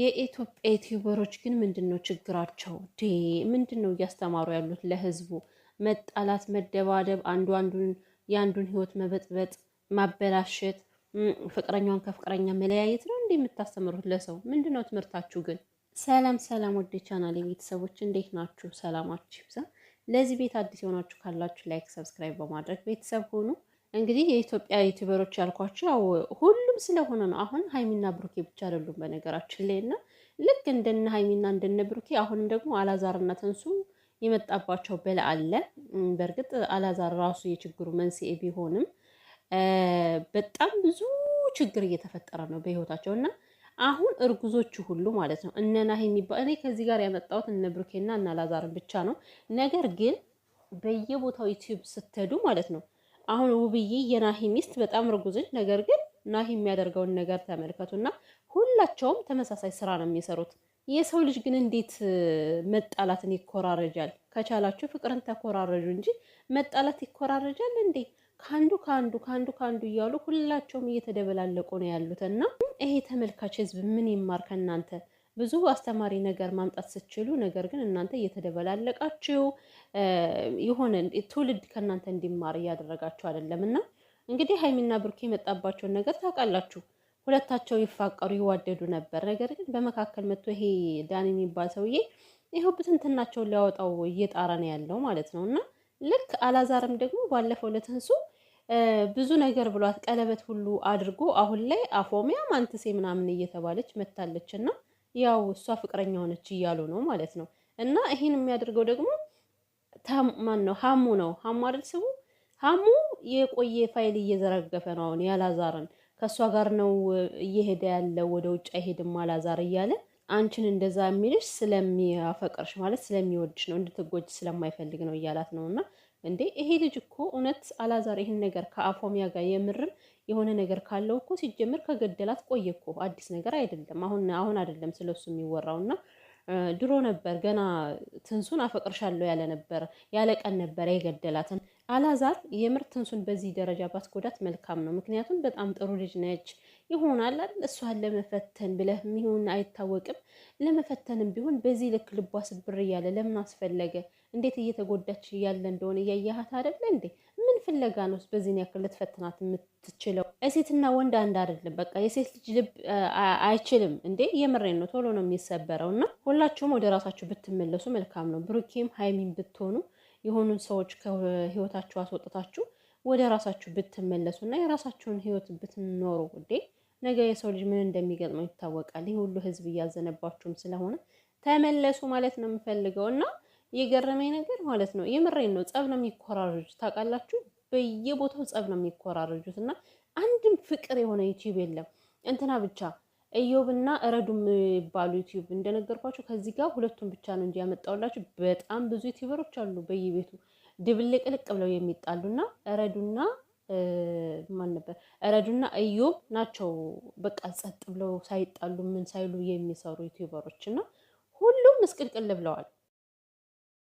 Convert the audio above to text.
የኢትዮጵያ ዩቲዩበሮች ግን ምንድን ነው ችግራቸው? ዴ ምንድን ነው እያስተማሩ ያሉት ለህዝቡ? መጣላት፣ መደባደብ፣ አንዱ አንዱን የአንዱን ህይወት መበጥበጥ፣ ማበላሸት፣ ፍቅረኛዋን ከፍቅረኛ መለያየት ነው እንዲህ የምታስተምሩት ለሰው? ምንድን ነው ትምህርታችሁ ግን? ሰላም ሰላም፣ ወደ ቻናል የቤተሰቦች እንዴት ናችሁ? ሰላማችሁ ይብዛ። ለዚህ ቤት አዲስ የሆናችሁ ካላችሁ ላይክ፣ ሰብስክራይብ በማድረግ ቤተሰብ ሆኑ። እንግዲህ የኢትዮጵያ ዩቲዩበሮች ያልኳቸው ሁሉም ስለሆነ ነው። አሁን ሀይሚና ብሩኬ ብቻ አይደሉም በነገራችን ላይ እና ልክ እንደነ ሀይሚና እንደነ ብሩኬ አሁንም ደግሞ አላዛርና ተንሱ የመጣባቸው በላ አለ። በእርግጥ አላዛር ራሱ የችግሩ መንስኤ ቢሆንም በጣም ብዙ ችግር እየተፈጠረ ነው በህይወታቸው እና አሁን እርጉዞቹ ሁሉ ማለት ነው እነ ናሂ የሚባል እኔ ከዚህ ጋር ያመጣሁት እነ ብሩኬና እነ አላዛርን ብቻ ነው። ነገር ግን በየቦታው ዩቲዩብ ስትሄዱ ማለት ነው አሁን ውብዬ የናሂ ሚስት በጣም እርጉዝን። ነገር ግን ናሂ የሚያደርገውን ነገር ተመልከቱና ሁላቸውም ተመሳሳይ ስራ ነው የሚሰሩት። የሰው ልጅ ግን እንዴት መጣላትን ይኮራረጃል? ከቻላችሁ ፍቅርን ተኮራረጁ እንጂ መጣላት ይኮራረጃል እንዴ? ከአንዱ ከአንዱ ከአንዱ ከአንዱ እያሉ ሁላቸውም እየተደበላለቁ ነው ያሉትና ይሄ ተመልካች ህዝብ ምን ይማር ከእናንተ? ብዙ አስተማሪ ነገር ማምጣት ስትችሉ፣ ነገር ግን እናንተ እየተደበላለቃችሁ የሆነ ትውልድ ከእናንተ እንዲማር እያደረጋችሁ አይደለም እና እንግዲህ ሀይሚና ብሩኬ የመጣባቸውን ነገር ታውቃላችሁ። ሁለታቸው ይፋቀሩ ይዋደዱ ነበር። ነገር ግን በመካከል መጥቶ ይሄ ዳን የሚባል ሰውዬ ይኸው ብትንትናቸውን ሊያወጣው እየጣረ ነው ያለው ማለት ነው እና ልክ አላዛርም ደግሞ ባለፈው ለትንሱ ብዙ ነገር ብሏት ቀለበት ሁሉ አድርጎ አሁን ላይ አፎሚያ ማንትሴ ምናምን እየተባለች መታለች እና ያው እሷ ፍቅረኛ ሆነች እያሉ ነው ማለት ነው። እና ይሄን የሚያደርገው ደግሞ ማን ነው? ሀሙ ነው። ሀሙ አይደል ስሙ? ሀሙ የቆየ ፋይል እየዘረገፈ ነው አሁን ያላዛርን ከእሷ ጋር ነው እየሄደ ያለው ወደ ውጭ አይሄድም አላዛር እያለ አንቺን እንደዛ የሚልሽ ስለሚያፈቅርሽ ማለት ስለሚወድሽ ነው እንድትጎጅ ስለማይፈልግ ነው እያላት ነው እና እንዴ ይሄ ልጅ እኮ እውነት አላዛር ይህን ነገር ከአፎሚያ ጋር የምርም የሆነ ነገር ካለው እኮ ሲጀምር ከገደላት ቆየ እኮ አዲስ ነገር አይደለም። አሁን አሁን አይደለም ስለሱ የሚወራው እና ድሮ ነበር ገና ትንሱን አፈቅርሻለሁ ያለ ነበር ያለ ቀን ነበር የገደላትን አላዛር የምር ትንሱን በዚህ ደረጃ ባትጎዳት መልካም ነው። ምክንያቱም በጣም ጥሩ ልጅ ነች። ይሆናል እሷን ለመፈተን ብለህ ሚሆን አይታወቅም። ለመፈተንም ቢሆን በዚህ ልክ ልቧ ስብር እያለ ለምን አስፈለገ? እንዴት እየተጎዳች እያለ እንደሆነ እያያሃት አይደለ እንዴ? ምን ፍለጋ ነው በዚህን ያክል ልትፈትናት የምትችለው? ሴትና ወንድ አንድ አይደለም። በቃ የሴት ልጅ ልብ አይችልም እንዴ? የምሬን ነው፣ ቶሎ ነው የሚሰበረው። እና ሁላችሁም ወደ ራሳችሁ ብትመለሱ መልካም ነው። ብሩኬም ሀይሚን ብትሆኑ የሆኑን ሰዎች ከህይወታችሁ አስወጥታችሁ ወደ ራሳችሁ ብትመለሱ እና የራሳችሁን ህይወት ብትኖሩ ውዴ ነገ የሰው ልጅ ምን እንደሚገጥመው ይታወቃል። ይህ ሁሉ ህዝብ እያዘነባችሁም ስለሆነ ተመለሱ ማለት ነው የምፈልገው እና የገረመኝ ነገር ማለት ነው የምሬን ነው። ጸብ ነው የሚኮራረጁት ታውቃላችሁ፣ በየቦታው ጸብ ነው የሚኮራረጁት እና አንድም ፍቅር የሆነ ዩቲዩብ የለም እንትና ብቻ እዮብና እረዱ የሚባሉ ዩቲዩብ እንደነገርኳቸው ከዚህ ጋር ሁለቱን ብቻ ነው እንጂ ያመጣውላችሁ። በጣም ብዙ ዩቲዩበሮች አሉ በየቤቱ ድብልቅልቅ ብለው የሚጣሉና እረዱና ማን ነበር እረዱና እዮብ ናቸው። በቃ ጸጥ ብለው ሳይጣሉ ምን ሳይሉ የሚሰሩ ዩቲዩበሮች እና ሁሉም ምስቅልቅል ብለዋል።